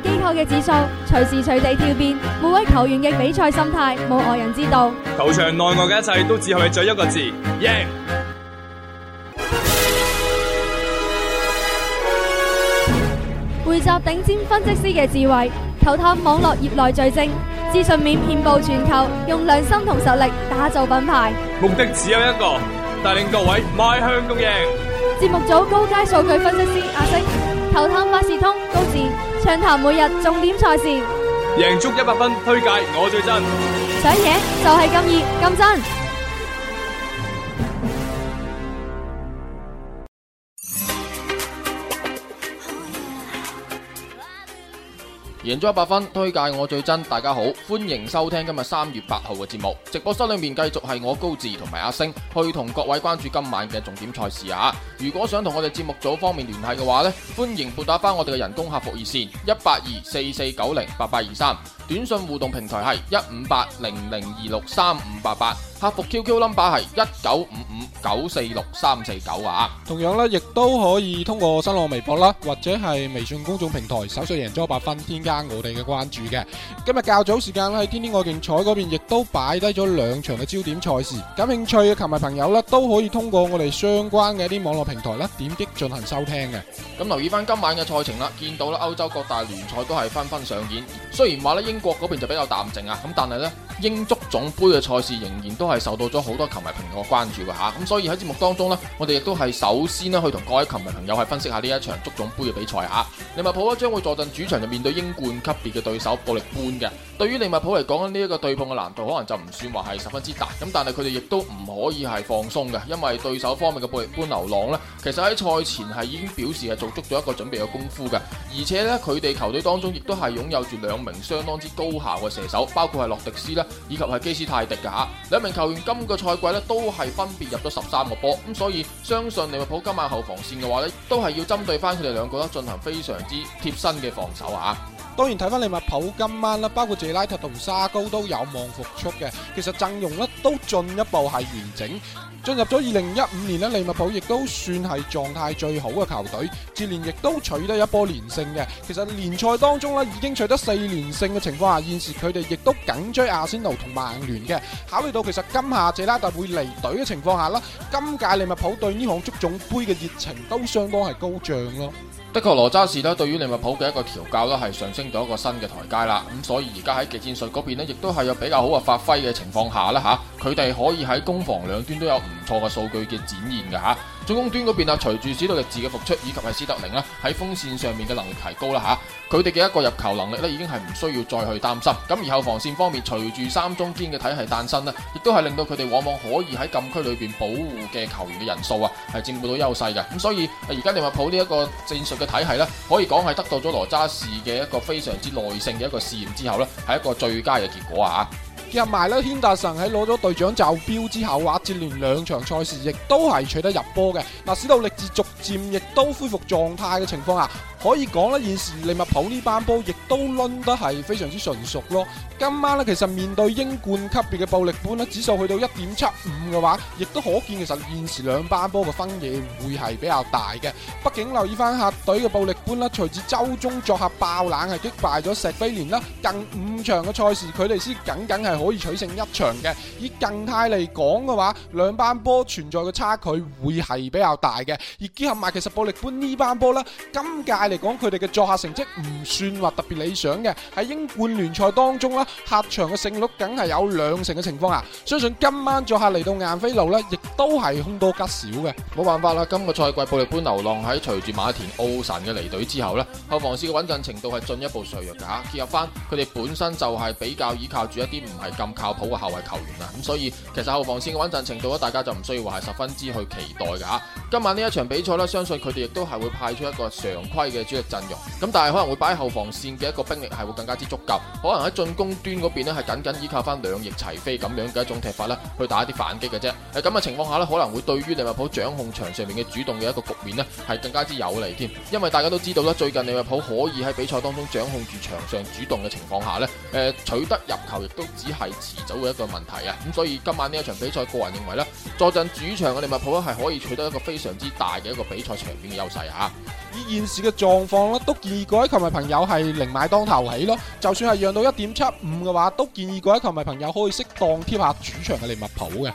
機構嘅指數隨時隨地跳變，每位球員嘅比賽心態冇外人知道。球場內外嘅一切都只係為咗一個字：贏。匯集頂尖分析師嘅智慧，球探網絡業內最精，資訊面遍佈全球，用良心同實力打造品牌。目的只有一個，帶領各位邁向共贏。節目組高階數據分析師阿星，球探萬事通高智。暢談每日重點賽事，贏足一百分，推介我最真，想贏就係咁熱咁真。贏咗一百分，推介我最真。大家好，歡迎收聽今日三月八號嘅節目。直播室裏面繼續係我高志同埋阿星去同各位關注今晚嘅重點賽事啊！如果想同我哋節目組方面聯繫嘅話呢，歡迎撥打翻我哋嘅人工客服熱線一八二四四九零八八二三，短信互動平台係一五八零零二六三五八八。客服 QQnumber 係一九五五九四六三四九啊，同樣咧亦都可以通過新浪微博啦，或者係微信公眾平台搜索贏足 100FUN，添加我哋嘅關注嘅。今日較早時間咧喺天天愛競彩嗰邊亦都擺低咗兩場嘅焦點賽事，感興趣嘅球迷朋友咧都可以通過我哋相關嘅一啲網絡平台咧點擊進行收聽嘅。咁留意翻今晚嘅賽程啦，見到咧歐洲各大聯賽都係紛紛上演，雖然話咧英國嗰邊就比較淡靜啊，咁但係咧。英足總杯嘅賽事仍然都係受到咗好多球迷朋友嘅關注㗎嚇，咁所以喺節目當中咧，我哋亦都係首先咧去同各位球迷朋友係分析下呢一場足總杯嘅比賽啊！利物浦咧將會坐鎮主場就面對英冠級別嘅對手布力般嘅，對於利物浦嚟講呢一個對碰嘅難度可能就唔算話係十分之大，咁但係佢哋亦都唔可以係放鬆嘅，因為對手方面嘅布力般流浪咧，其實喺賽前係已經表示係做足咗一個準備嘅功夫嘅，而且呢，佢哋球隊當中亦都係擁有住兩名相當之高效嘅射手，包括係洛迪斯咧。以及係基斯泰迪㗎吓，兩名球員今個賽季咧都係分別入咗十三個波，咁所以相信利物浦今晚後防線嘅話咧，都係要針對翻佢哋兩個咧進行非常之貼身嘅防守啊。當然睇翻利物浦今晚啦，包括謝拉特同沙高都有望復出嘅。其實陣容咧都進一步係完整，進入咗二零一五年咧，利物浦亦都算係狀態最好嘅球隊，接連亦都取得一波連勝嘅。其實聯賽當中咧已經取得四連勝嘅情況下，現時佢哋亦都緊追阿仙奴同曼聯嘅。考慮到其實今夏謝拉特會離隊嘅情況下啦，今屆利物浦對呢項足總盃嘅熱情都相當係高漲咯。的確，羅渣士咧對於利物浦嘅一個調教都係上升到一個新嘅台階啦，咁所以而家喺技戰術嗰邊咧，亦都係有比較好嘅發揮嘅情況下啦，吓，佢哋可以喺攻防兩端都有唔錯嘅數據嘅展現噶，吓。進攻端嗰邊啊，隨住史度列治嘅復出以及係斯特靈啦，喺鋒線上面嘅能力提高啦吓，佢哋嘅一個入球能力咧，已經係唔需要再去擔心。咁而後防線方面，隨住三中堅嘅體系誕生咧，亦都係令到佢哋往往可以喺禁區裏邊保護嘅球員嘅人數啊，係佔據到優勢嘅。咁所以而家利物浦呢一個戰術嘅體系咧，可以講係得到咗羅渣士嘅一個非常之耐性嘅一個試驗之後咧，係一個最佳嘅結果啊！入埋咧，軒達臣喺攞咗隊長罩標之後，話接連兩場賽事亦都係取得入波嘅，嗱，使到力志逐漸亦都恢復狀態嘅情況下。可以講呢現時利物浦呢班波亦都掄得係非常之純熟咯。今晚呢，其實面對英冠級別嘅布力般咧，指數去到一點七五嘅話，亦都可見其實現時兩班波嘅分野會係比較大嘅。畢竟留意翻客隊嘅布力般啦，隨住周中作客爆冷係擊敗咗錫菲聯啦，近五場嘅賽事佢哋先僅僅係可以取勝一場嘅。以近態嚟講嘅話，兩班波存在嘅差距會係比較大嘅。而結合埋其實布力般呢班波咧，今屆。嚟講佢哋嘅作客成績唔算話特別理想嘅，喺英冠聯賽當中啦，客場嘅勝率梗係有兩成嘅情況下，相信今晚作客嚟到晏菲路呢，亦都係凶多吉少嘅。冇辦法啦，今個賽季布力般流浪喺隨住馬田奧神嘅離隊之後呢，後防線嘅穩陣程度係進一步削弱嘅吓，結合翻佢哋本身就係比較依靠住一啲唔係咁靠譜嘅後衛球員啊，咁所以其實後防線嘅穩陣程度咧，大家就唔需要話係十分之去期待嘅吓。今晚呢一場比賽呢，相信佢哋亦都係會派出一個常規。嘅主力陣容，咁但係可能會擺喺後防線嘅一個兵力係會更加之足夠，可能喺進攻端嗰邊咧係僅僅依靠翻兩翼齊飛咁樣嘅一種踢法咧，去打一啲反擊嘅啫。喺咁嘅情況下咧，可能會對於利物浦掌控場上面嘅主動嘅一個局面咧，係更加之有利添。因為大家都知道啦，最近利物浦可以喺比賽當中掌控住場上主動嘅情況下咧，誒取得入球亦都只係遲早嘅一個問題啊。咁所以今晚呢一場比賽，個人認為咧，坐鎮主場嘅利物浦咧係可以取得一個非常之大嘅一個比賽場面嘅優勢啊。以現時嘅狀況咯，都建議各位球迷朋友係寧買當頭起咯。就算係讓到一點七五嘅話，都建議各位球迷朋友可以適當貼下主場嘅利物浦嘅。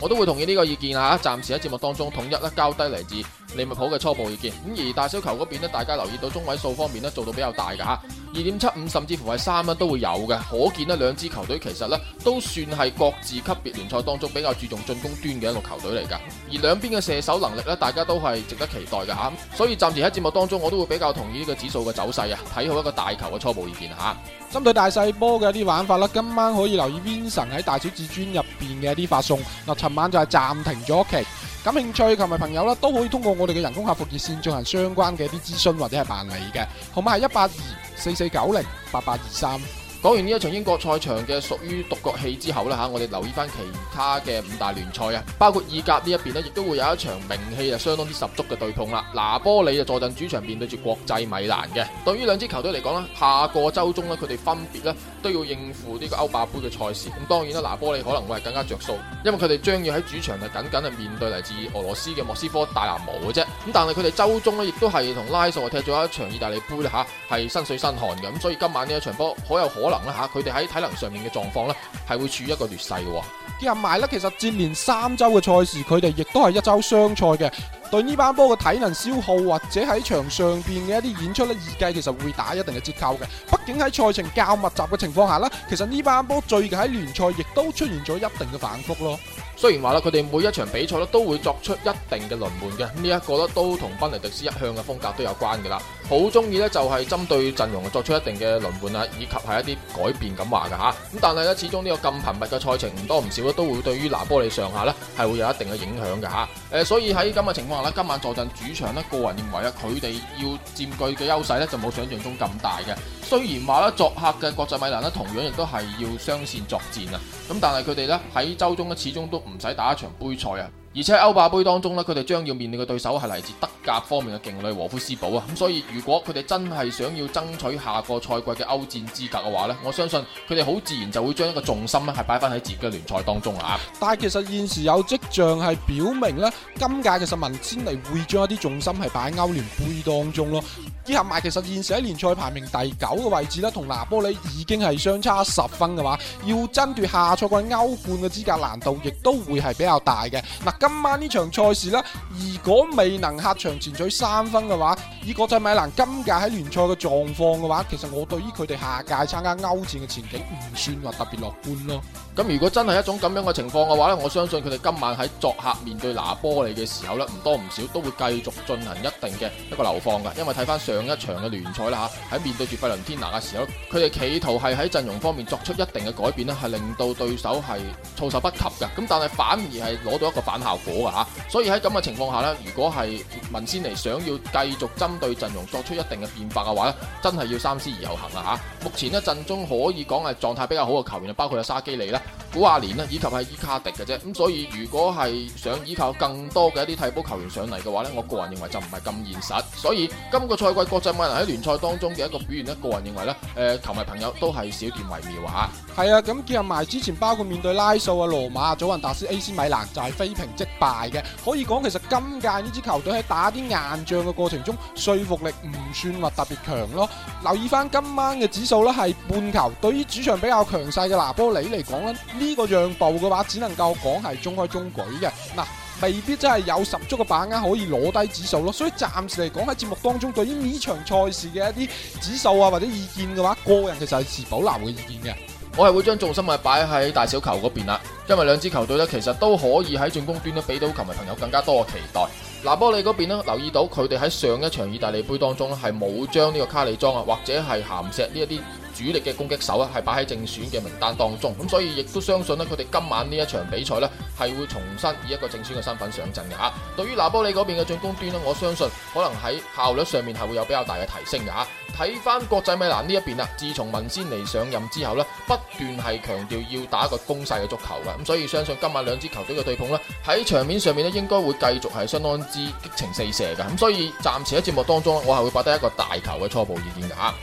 我都會同意呢個意見啊，暫時喺節目當中統一咧交低嚟自利物浦嘅初步意見。咁而大小球嗰邊咧，大家留意到中位數方面呢，做到比較大嘅嚇二點七五，甚至乎係三蚊都會有嘅。可見呢兩支球隊其實呢都算係各自級別聯賽當中比較注重進攻端嘅一個球隊嚟噶。而兩邊嘅射手能力呢，大家都係值得期待嘅吓。所以暫時喺節目當中，我都會比較同意呢個指數嘅走勢啊，睇好一個大球嘅初步意見吓。針對大細波嘅一啲玩法啦，今晚可以留意 Vincent 喺大小至尊入邊嘅一啲發送嗱。尋晚就係暫停咗期，感興趣球迷朋友啦，都可以通過我哋嘅人工客服熱線進行相關嘅一啲諮詢或者係辦理嘅，同埋係一八二。四四九零八八二三。講完呢一場英國賽場嘅屬於獨角戲之後呢吓，我哋留意翻其他嘅五大聯賽啊，包括意甲呢一邊呢亦都會有一場名氣啊相當之十足嘅對碰啦。拿波里就坐陣主場面對住國際米蘭嘅。對於兩支球隊嚟講呢，下個周中呢，佢哋分別呢都要應付呢個歐霸杯嘅賽事。咁當然啦，拿波里可能會係更加着數，因為佢哋將要喺主場啊，僅僅係面對嚟自俄羅斯嘅莫斯科戴拿模嘅啫。咁但係佢哋周中呢，亦都係同拉素踢咗一場意大利杯啦吓，係身水身汗嘅。咁所以今晚呢一場波好有可。可能啦吓，佢哋喺體能上面嘅狀況咧，係會處於一個劣勢嘅。加埋咧，其實接連三周嘅賽事，佢哋亦都係一周雙賽嘅，對呢班波嘅體能消耗或者喺場上邊嘅一啲演出呢，預計其實會打一定嘅折扣嘅。畢竟喺賽程較密集嘅情況下呢，其實呢班波最近喺聯賽亦都出現咗一定嘅反復咯。雖然話呢，佢哋每一場比賽咧都會作出一定嘅輪換嘅，呢、這、一個咧都同賓尼迪斯一向嘅風格都有關嘅啦。好中意咧，就係針對陣容作出一定嘅輪換啊，以及係一啲改變咁話嘅吓，咁但係咧，始終呢個咁頻密嘅賽程唔多唔少都都會對於拿波利上下咧係會有一定嘅影響嘅吓，誒，所以喺咁嘅情況下咧，今晚坐陣主場咧，個人認為啊，佢哋要佔據嘅優勢咧，就冇想象中咁大嘅。雖然話咧，作客嘅國際米蘭咧，同樣亦都係要雙線作戰啊。咁但係佢哋咧喺周中咧，始終都唔使打一場杯賽啊。而且喺歐霸杯當中咧，佢哋將要面對嘅對手係嚟自德甲方面嘅勁旅禾夫斯堡啊！咁所以如果佢哋真係想要爭取下個賽季嘅歐戰資格嘅話咧，我相信佢哋好自然就會將一個重心咧係擺翻喺自己嘅聯賽當中啊！但係其實現時有跡象係表明咧，今屆嘅實民先嚟會將一啲重心係擺喺歐聯杯當中咯。結合埋，其實現時喺聯賽排名第九嘅位置咧，同拿波利已經係相差十分嘅話，要爭奪下賽季歐冠嘅資格難度亦都會係比較大嘅。嗱，今晚呢場賽事咧，如果未能客場前取三分嘅話，以國際米蘭今屆喺聯賽嘅狀況嘅話，其實我對於佢哋下屆參加歐戰嘅前景唔算話特別樂觀咯。咁如果真係一種咁樣嘅情況嘅話咧，我相信佢哋今晚喺作客面對拿波利嘅時候咧，唔多唔少都會繼續進行一定嘅一個流放嘅，因為睇翻上。上一場嘅聯賽啦嚇，喺面對住費倫天拿嘅時候，佢哋企圖係喺陣容方面作出一定嘅改變咧，係令到對手係措手不及嘅。咁但係反而係攞到一個反效果嘅嚇。所以喺咁嘅情況下咧，如果係文仙尼想要繼續針對陣容作出一定嘅變化嘅話咧，真係要三思而後行啦嚇。目前咧陣中可以講係狀態比較好嘅球員，包括有沙基利啦、古亞連啦，以及係伊卡迪嘅啫。咁所以如果係想依靠更多嘅一啲替補球員上嚟嘅話呢，我個人認為就唔係咁現實。所以今個賽季國際米蘭喺聯賽當中嘅一個表現咧，個人認為咧，誒、呃、球迷朋友都係少見為妙啊。係啊，咁結合埋之前包括面對拉素啊、羅馬啊、祖雲達斯、AC 米蘭就係、是、非平即敗嘅，可以講其實今屆呢支球隊喺打啲硬仗嘅過程中說服力唔算話特別強咯。留意翻今晚嘅指數呢係半球，對於主場比較強勢嘅拿波里嚟講呢，這個讓步嘅話只能夠講係中規中矩嘅。嗱、啊。未必真係有十足嘅把握可以攞低指數咯，所以暫時嚟講喺節目當中，對於呢場賽事嘅一啲指數啊或者意見嘅話，個人其實係持保留嘅意見嘅。我係會將重心係擺喺大小球嗰邊啦，因為兩支球隊呢，其實都可以喺進攻端呢，俾到球迷朋友更加多嘅期待。嗱，波利嗰邊呢，留意到佢哋喺上一場意大利杯當中係冇將呢個卡里莊啊或者係咸石呢一啲。主力嘅攻擊手啊，係擺喺正選嘅名單當中，咁所以亦都相信咧，佢哋今晚呢一場比賽咧，係會重新以一個正選嘅身份上陣嘅嚇。對於拿波利嗰邊嘅進攻端，我相信可能喺效率上面係會有比較大嘅提升嘅嚇。睇翻國際米蘭呢一邊啊，自從文仙尼上任之後，不斷係強調要打一個攻勢嘅足球嘅，咁所以相信今晚兩支球隊嘅對碰咧，喺場面上面應該會繼續係相當之激情四射嘅，咁所以暫時喺節目當中，我係會擺低一個大球嘅初步意見嘅嚇。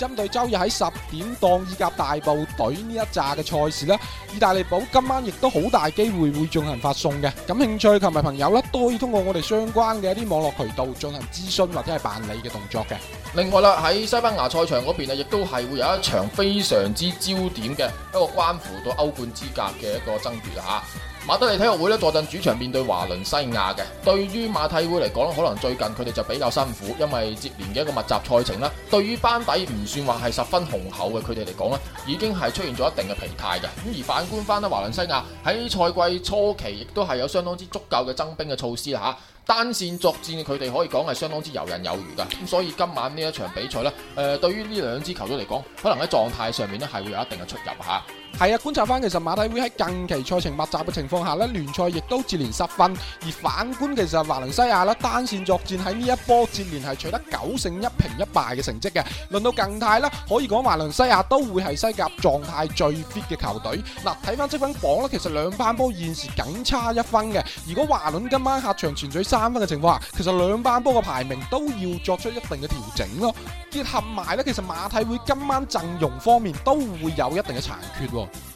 針對週日喺十點檔以及大部隊呢一紮嘅賽事呢，意大利寶今晚亦都好大機會會進行發送嘅。感興趣同埋朋友呢都可以通過我哋相關嘅一啲網絡渠道進行諮詢或者係辦理嘅動作嘅。另外啦，喺西班牙賽場嗰邊啊，亦都係會有一場非常之焦點嘅一個關乎到歐冠資格嘅一個爭奪吓。馬德里體育會咧坐陣主場面對華倫西亞嘅，對於馬體會嚟講，可能最近佢哋就比較辛苦，因為接連嘅一個密集賽程啦。對於班底唔算話係十分雄厚嘅，佢哋嚟講咧，已經係出現咗一定嘅疲態嘅。咁而反觀翻咧，華倫西亞喺賽季初期亦都係有相當之足夠嘅增兵嘅措施吓，單線作戰嘅佢哋可以講係相當之游刃有餘噶。咁所以今晚呢一場比賽咧，誒，對於呢兩支球隊嚟講，可能喺狀態上面咧係會有一定嘅出入吓。係啊，觀察翻其實馬體會喺近期賽程密集嘅情況下呢，聯賽亦都接連失分。而反觀其實華倫西亞單線作戰喺呢一波接連係取得九勝一平一敗嘅成績嘅。論到近太呢，可以講華倫西亞都會係西甲狀態最 fit 嘅球隊。嗱，啊，睇翻積分榜呢，其實兩班波現時僅差一分嘅。如果華倫今晚客場全取三分嘅情況下，其實兩班波嘅排名都要作出一定嘅調整咯。結合埋呢，其實馬體會今晚陣容方面都會有一定嘅殘缺。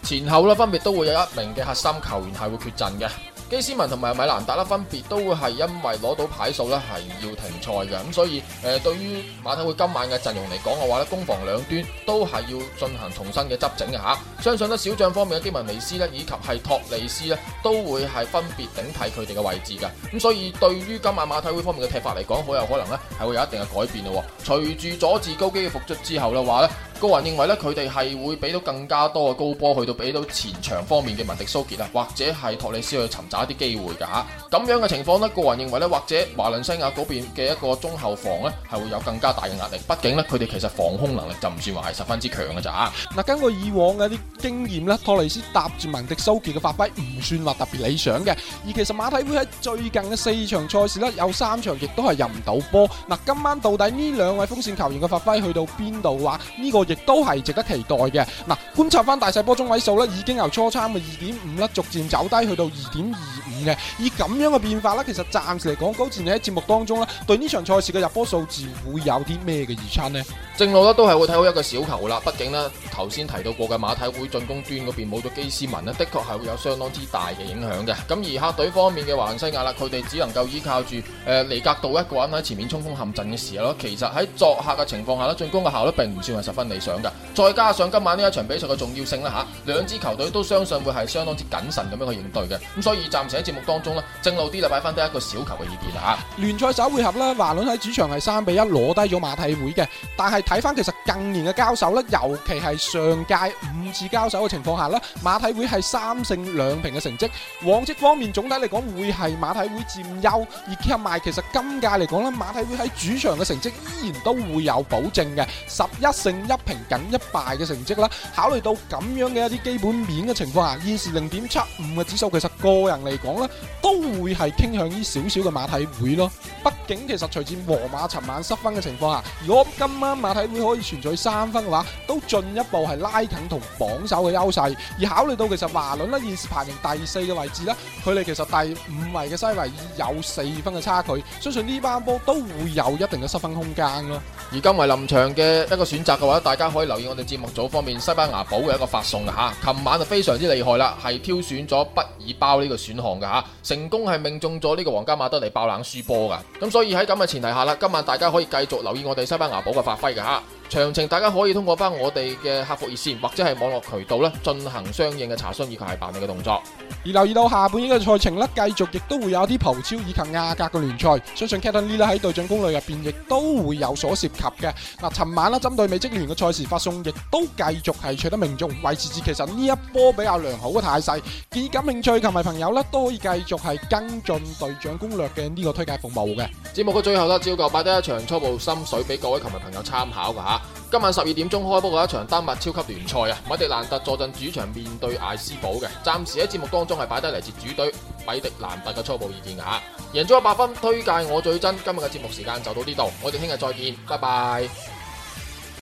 前後啦，分別都會有一名嘅核心球員係會缺陣嘅。基斯文同埋米蘭達啦，分別都會係因為攞到牌數咧，係要停賽嘅。咁所以，誒，對於馬體會今晚嘅陣容嚟講嘅話咧，攻防兩端都係要進行重新嘅執整嘅吓。相信咧小將方面嘅基文尼斯咧，以及係托利斯咧都會係分別頂替佢哋嘅位置嘅。咁所以，對於今晚馬體會方面嘅踢法嚟講，好有可能咧係會有一定嘅改變咯。隨住佐治高基嘅復出之後嘅話咧個人認為咧，佢哋係會俾到更加多嘅高波去到俾到前場方面嘅文迪蘇杰啊，或者係托尼斯去尋找一啲機會嘅吓。咁樣嘅情況呢，個人認為呢，或者華倫西亞嗰邊嘅一個中後防呢，係會有更加大嘅壓力，畢竟呢，佢哋其實防空能力就唔算話係十分之強嘅咋。嗱，根據以往嘅啲經驗呢，托尼斯搭住文迪蘇杰嘅發揮唔算話特別理想嘅，而其實馬體會喺最近嘅四場賽事呢，有三場亦都係入唔到波。嗱，今晚到底呢兩位鋒線球員嘅發揮去到邊度話呢個？亦都係值得期待嘅。嗱，觀察翻大細波中位數呢，已經由初參嘅二點五啦，逐漸走低去到二點二五嘅。以咁樣嘅變化呢，其實暫時嚟講，高志你喺節目當中呢對呢場賽事嘅入波數字會有啲咩嘅預測呢？正路咧都係會睇好一個小球啦。畢竟呢頭先提到過嘅馬體會進攻端嗰邊冇咗基斯文呢的確係會有相當之大嘅影響嘅。咁而客隊方面嘅華倫西亞啦，佢哋只能夠依靠住誒尼格杜一個人喺前面衝鋒陷陣嘅時候咯。其實喺作客嘅情況下呢進攻嘅效率並唔算係十分。理想噶，再加上今晚呢一場比賽嘅重要性啦吓，兩支球隊都相信會係相當之謹慎咁樣去應對嘅，咁所以暫時喺節目當中咧，正路啲就擺翻低一個小球嘅意見吓。聯賽首回合啦，華倫喺主場係三比一攞低咗馬體會嘅，但係睇翻其實近年嘅交手咧，尤其係上屆五次交手嘅情況下啦，馬體會係三勝兩平嘅成績。往績方面，總體嚟講會係馬體會佔優，而且其實今屆嚟講咧，馬體會喺主場嘅成績依然都會有保證嘅，十一勝一。平近一敗嘅成績啦，考慮到咁樣嘅一啲基本面嘅情況下，現時零點七五嘅指數，其實個人嚟講呢，都會係傾向於少少嘅馬體會咯。畢竟其實隨住皇馬尋晚失分嘅情況下，如果今晚馬體會可以存取三分嘅話，都進一步係拉近同榜首嘅優勢。而考慮到其實華倫呢，現時排名第四嘅位置呢，佢哋其實第五位嘅西維爾有四分嘅差距，相信呢班波都會有一定嘅失分空間咯。而今為臨場嘅一個選擇嘅話，大家可以留意我哋節目組方面西班牙寶嘅一個發送嘅吓，琴、啊、晚就非常之厲害啦，係挑選咗畢爾包呢個選項嘅吓，成功係命中咗呢個皇家馬德里爆冷輸波噶，咁所以喺咁嘅前提下啦，今晚大家可以繼續留意我哋西班牙寶嘅發揮嘅吓。啊詳情大家可以通過翻我哋嘅客服熱線或者係網絡渠道咧進行相應嘅查詢以及係辦理嘅動作。而留意到下半年嘅賽程咧，繼續亦都會有啲葡超以及亞甲嘅聯賽，相信 Catalina 喺對仗攻略入邊亦都會有所涉及嘅。嗱，尋晚啦，針對美職聯嘅賽事發送，亦都繼續係取得命中，維持住其實呢一波比較良好嘅態勢。建議感興趣球迷朋友啦，都可以繼續係跟進對仗攻略嘅呢個推介服務嘅。節目嘅最後啦，只夠擺低一場初步心水俾各位球迷朋友參考嘅吓。今晚十二點鐘開波嘅一場丹麥超級聯賽啊，米迪蘭特坐陣主場面對艾斯堡嘅，暫時喺節目當中係擺低嚟自主隊米迪蘭特嘅初步意見噶，贏足一百分，推介我最真，今日嘅節目時間就到呢度，我哋聽日再見，拜拜。